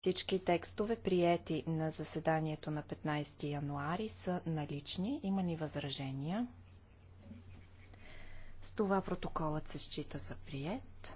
Всички текстове, приети на заседанието на 15 януари, са налични. Има ни възражения. С това протоколът се счита за прият.